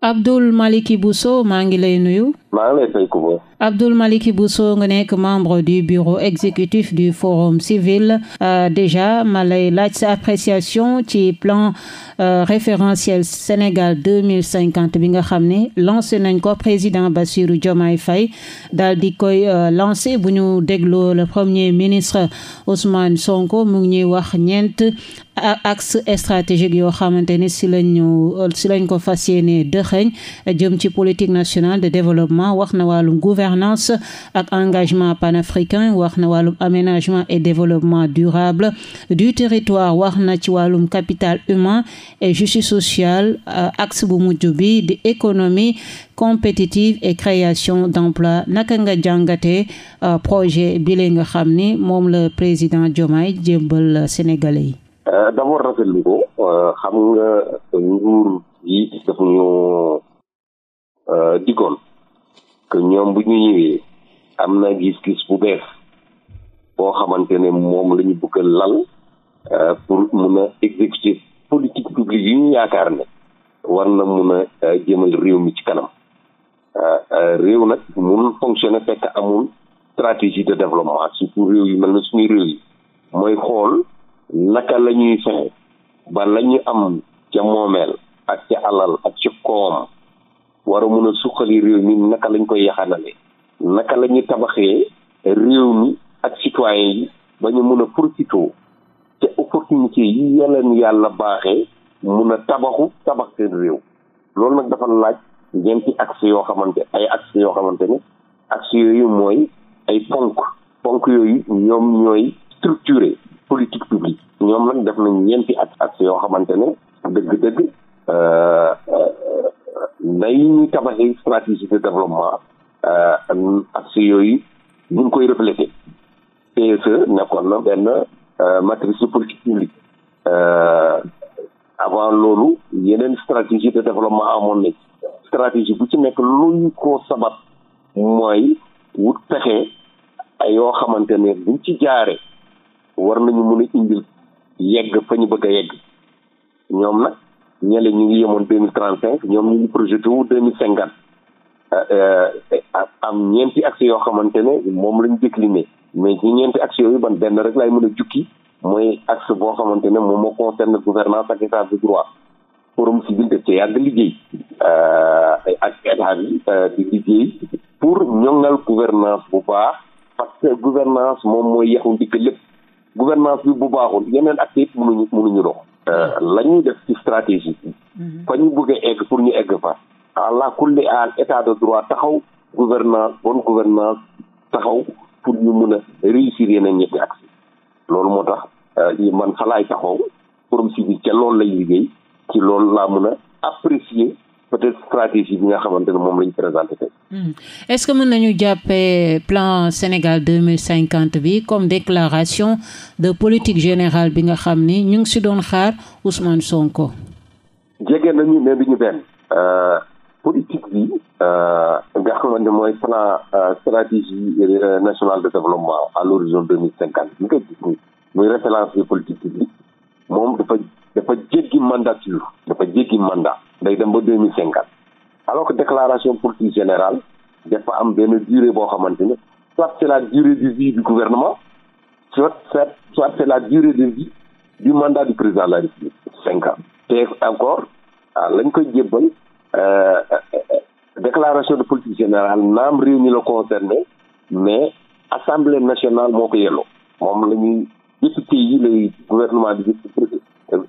Abdou Maliki Bousso maa ngi lay nuyu. maa ngi lay fay Abdoul Malick Bousso nga nekk membre du bureau exécutif du forum civil euh, déjà ma lay laaj sa appréciation ci plan euh, référentiel Sénégal 2050 bi nga xam ne lancé nañ ko président Bassirou Diomaye Faye daal di koy euh, lancé bu ñu dégloo le premier ministre Ousmane Sonko mu ngi ñuy wax ñeent axe stratégique yoo xamante ne si lañu si lañ ko fas yéene dëxëñ jëm ci politique nationale de développement wax na wàllum gouvernance ak engagement panafricain wax na wàllum aménagement et développement durable du territoire wax na ci wàllum capital humain et justice sociale euh, axe bu mujj bi di économie compétitive et création d'emploi naka nga jàngatee euh, projet bi la xam ni moom la président Diomaye jébbal sénégalais yi euh, que ñoom bu ñu ñëwee am na gis-gis bu bees boo xamante ne moom la ñu lal euh, pour mun a exécuter politique publique yi ñu yaakaar ne war na mun a euh, jëmal réew mi ci kanam euh, réew nag mun fonctionner fekk amul stratégie de développement surtout réew yi mel na suñu réew yi mooy xool naka lañuy ñuy ba la ñu am ca moomeel ak ca alal ak ca koom war a mun a suqali réew mi naka lañ koy yaxanale naka la ñuy tabaxee réew mi ak citoyen yi ba ñu mun a profitoo te opportunité yi yeleen yàlla baaxee mun a tabaxu tabax seen réew loolu nag dafa laaj ñeenti axe yoo xamante ay axe yoo xamante ne axe yooyu mooy ay ponk ponk yooyu ñoom ñooy structuré politique publique ñoom nag def nañ ñeenti axe yoo xamante ne dëgg-dëgg euh, euh, nay ñuy tabaxee stratégie de développement euh, ak si yooyu buñ koy reflété PSE nekkoon na benn euh, matrice de politique publique euh, avant loolu yeneen stratégie de développement amoon na stratégie bu ci nekk luñ ko sabat mooy wut pexe yoo xamante ne buñ ci jaaree war nañu mun indi indil yegg fa ñu bëgg a yegg ñoom nag ñële ñu ngi yemoon deux mille trente cinq ñoom ñu ngi projeté wu deux mille cinquante euh, euh, am ñeenti axes yoo xamante ne moom lañ décliné mais ci ñeenti axes yooyu ban benn rek laay mën a jukki mooy axe boo xamante ne moom moo concerne gouvernance ak état de droit forum civil def ci yàgg liggéey euh, ak état bi di liggéey pour ñoŋal gouvernance bu baax parce que gouvernance moom mooy yaxu ndikk lépp gouvernance bi bu baaxul yeneen actes yëpp mënuñu mënuñu dox Euh, la ñuy def ci stratégie mhm. fa ñu bëgg egg pour ñu egg fa àla kulli al état de droit taxaw gouvernance bonne gouvernance taxaw pour ñu mun a réussir yeneen ñetti axe loolu moo tax euh, man fa laay taxaw forum civil ca loolu lay liggéey ci loolu laa mun a apprécier peut-être stratégie bi nga xamante ne moom la ñu présenté tey. Hmm. est-ce que mën nañu jàppee plan Sénégal deux mille cinquante bi comme déclaration de politique général bi nga xam ni ñu ngi si doon xaar Ousmane Sonko. jege nañu mais duñu benn. Euh, politique bi. Euh, nga xamante mooy plan euh, stratégie nationale de développement à l'horizon deux mille cinquante moom dafa dafa jéggi mandature dafa jéggi mandat. day dem ba deux mille cinquante alors que déclaration politique générale dafa am benn durée boo xamante ne soit c'est la durée de vie du gouvernement soit soit soit c'est la durée de vie du mandat du président la République cinq ans te encore ah, lañ koy jébbal euh, euh, déclaration de politique générale naam réew mi la concerné mais assemblée nationale moo ko yelloo moom la député yi lay gouvernement bi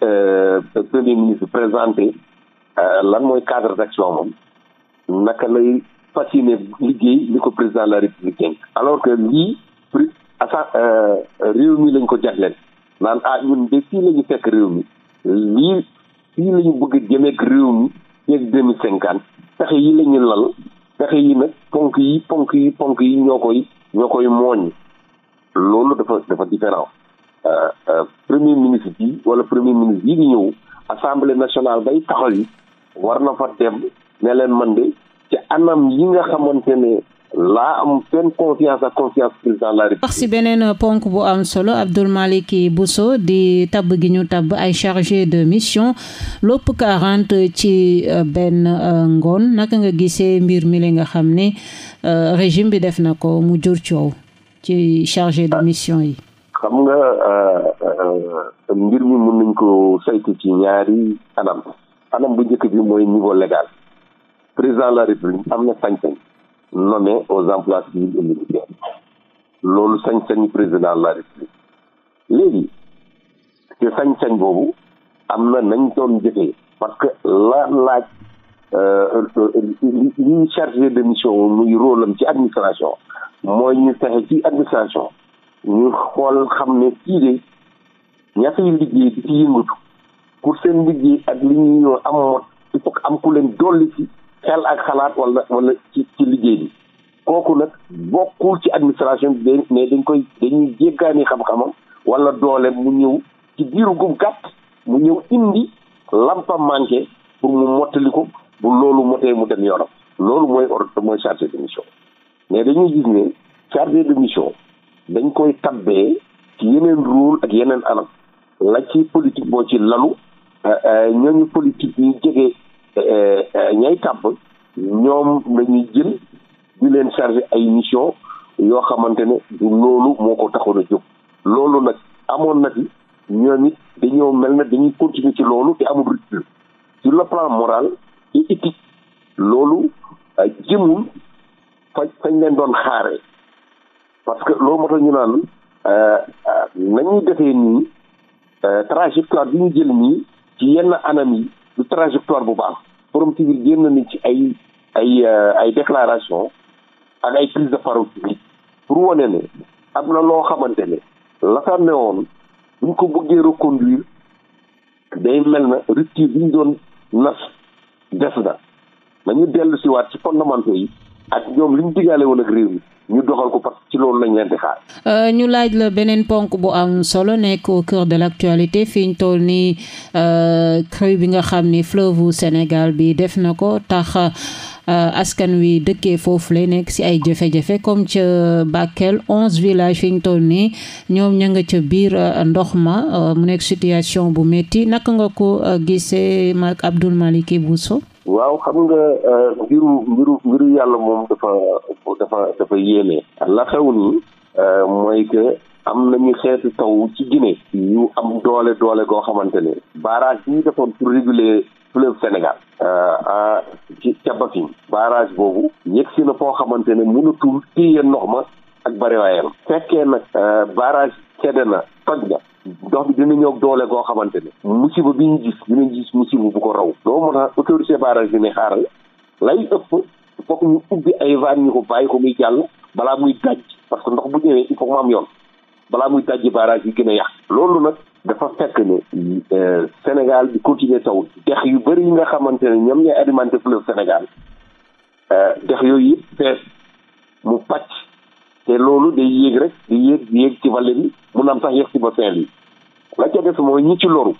euh, premier ministre présenté Euh, lan mooy cadre d'action moom naka lay fas yéene liggéey li ko président de la république dénk alors que lii pri assa euh, réew mi lañ ko jagleel naan ah ñun de fii la ñu fekk réew mi lii fii la bëgg a jëmeeg réew mi yeeg deux cinquante pexe yi la ñu lal pexe yi nag ponk yi ponk yi ponk yi ñoo koy ñoo koy mooñ loolu dafa dafa différent euh, premier ministre bi wala premier ministre yi di ñëw assemblée nationale bay taxaw war na fa teem ne leen man de ci anam yi nga xamante laa am seen confiance ak confiance président de la République. wax si beneen ponk bu am solo Abdoul Malick Bousso di tabb gi ñu tabb ay chargé de mission lopp 40 ci euh, benn euh, ngoon naka nga gisee mbir mi li nga xam ni euh, régime bi def na ko mu jur coow ci chargé de mission yi. xam nga mbir mi mën nañ ko saytu ci ñaari anam. anam bu njëkk bi mooy niveau légal président la république am na sañ-sañ nommé aux emplois civils loolu sañ-sañu président de la république léegi te sañ-sañ boobu am na nañ doon jëfee parce que la laaj euh, li chargé de mission muy rôle am ci administration mooy ñu fexe ci administration ñu xool xam ne kii de ñaata liggéey di ci yëngatu pour seen liggéey ak li ñuy ñoo am mot il faut am ku leen dolli ci xel ak xalaat wala wala ci ci liggéey bi kooku nag bokkul ci administration bi da mais dañ koy dañuy jéggaani xam-xamam wala doole mu ñëw ci diiru gu gàtt mu ñëw indi lampa manqué pour mu mottali ko bu loolu motee mu dem yoonam loolu mooy ordre mooy chargé de mission mais dañuy gis ne chargé de mission dañ koy tabbee ci yeneen rôle ak yeneen anam la ci politique boo ci lalu ñooñu politique yi jege eh, ñay tàbb ñoom lañuy jël di leen chargé ay mission yoo xamante ne du loolu moo ko taxoon a jóg loolu nag amoon na fi ñoom it dañoo mel na dañuy continuer ci loolu te amul rupture sur le plan moral et éthique loolu euh, jëmul fa fañ leen doon xaare parce que loolu moo ñu naan euh, euh, nañuy defee nii trajectoire bi ñu jël nii ci yenn anam yi du trajectoire bu baax borom ci biir génn na ci ay ay euh, ay déclaration ak ay crise de parole pour wane ne am na loo xamante ne la fa newoon buñ ko bëggee reconduire day mel na rupture bi ñu doon nas des na nañu dellu waat ci fondamentaux yi ak ñoom li ñu digaale woon ak réew mi ñu doxal ko parce ci loolu lañ leen di xaar. Euh, ñu laaj la beneen ponk bu am solo nekk au cœur de l' actualité fi ñu toll nii euh, crue bi nga xam ni fleuve Sénégal bi def na ko tax euh, askan wi dëkkee foofu lay nekk ci ay jafe-jafe comme ca Bakel onze villages fi ñu toll nii ñoom ña nga ca biir ndox ma mu nekk situation bu métti naka nga ko gisee Abdoul Malick Bousso. waaw xam nga euh, mbiru mbiru mbiru yàlla moom dafa dafa dafa yéeme la xew ni euh, mooy que am nañu xeetu taw ci Guinée yu am doole doole goo xamante ne barrage bi defoon pour réguler fleuve Sénégal ah ci Thiabaffine barrage boobu yegg si na foo xamante ne mënatul téye ndox ma ak bariwaayam fekkee nag barrage cedde na toj na dox bi dina ñëw doole goo xamante ne musiba bi ñu gis dinañ gis bu ko raw doo moo tax autorité barrage bi ne xaaral lay ëpp fokk ñu ubbi ay vannes ñu ko bàyyi ko muy jàll balaa muy daj parce que ndox bu ñëwee il faut mu am yoon balaa muy dajji barrage yi gën a yàq loolu nag dafa fekk ne euh, Sénégal di continuer taw dex yu bari yi nga xamante ne ñoom ñooy alimenté fleuve Sénégal euh, dex yooyu yëpp mu pàcc te loolu day yéeg rek di yéeg di yéeg ci Valérie mun na am sax yéeg ci ba Saint-Louis la ca des mooy ñi ci loru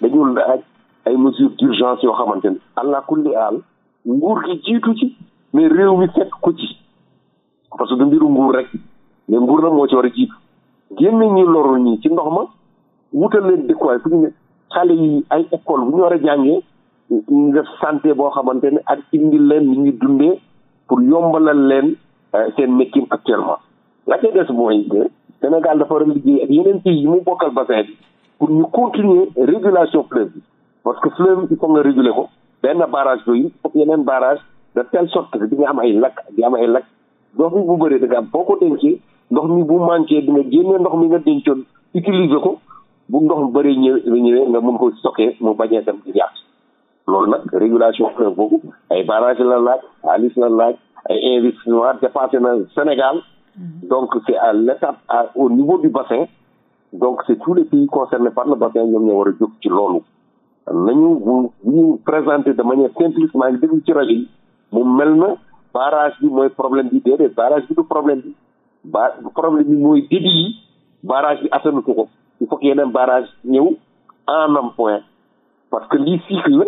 dañu laaj ay mesures d'urgence yoo xamante ni allah kulli aal nguur gi jiitu ci mais réew mi fekk ko ci parce que du mbiru nguur rek mais nguur na moo ci war a jiitu génne ñi loru ñi ci ndox ma wutal leen dëkkuwaay fu ñu ne xale yi ay école bu ñu war a jàngee ñu santé boo xamante ne ak indi leen ni ñuy dundee pour yombalal leen Euh, seen métier actuellement la ca des mooy que Sénégal dafa war a liggéey ak yeneen pays yi mu bokkal bassin bi pour ñu continuer régulation fleuve bi parce que fleuve il faut nga réguler ko benn barrage yooyu foog yeneen barrage de telle sorte bi di nga am ay lakk di am ay lakk ndox mi bu bëree da am boo ko dencee ndox mi bu manqué di nga génne ndox mi nga dencoon utiliser ko bu ndox mi bëree ñëwee ñëwee nga mun ko stocké mu bañ a dem di yàq loolu nag régulation fleuve boobu ay la laaj xaalis la laaj ay investissements dépassé na Sénégal mhm. donc c'est à l'étape a au niveau du bassin donc c'est tous les pays concernés par le bassin ñoom ñoo war a jóg ci loolu nañu bu ñu présenter de manière simpliste maa ngi déglu ci rajo mu mel na barrage bi mooy problème bi déedéet barrage bi du problème bi ba problème bi mooy débit yi barrage bi attanutu ko il faut que yeneen barrage ñëw en am point parce que lii cycle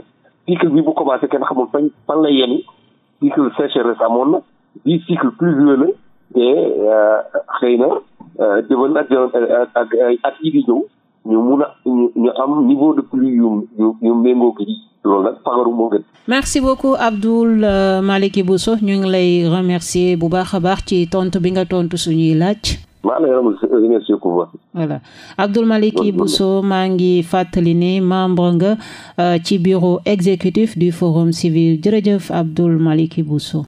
la bi bu commencé kenn xamul fañ fan la yemi cycle sécheresse amoon na bii cycle pluvieux la te euh, xëy na euh, déwén ak ak at yi di ñu mun a ñu am niveau de pluie yu yu yu méngoo nag fagaru moo gën. merci beaucoup Abdoul euh, Malick Bousso ñu ngi lay remercier bu baax a baax ci tont bi nga tontu suñuy laaj. maa Maliki Bousso maa ngi fàttali ni membre nga euh, ci bureau exécutif du forum civil jërëjëf Abdou Maliki Bousso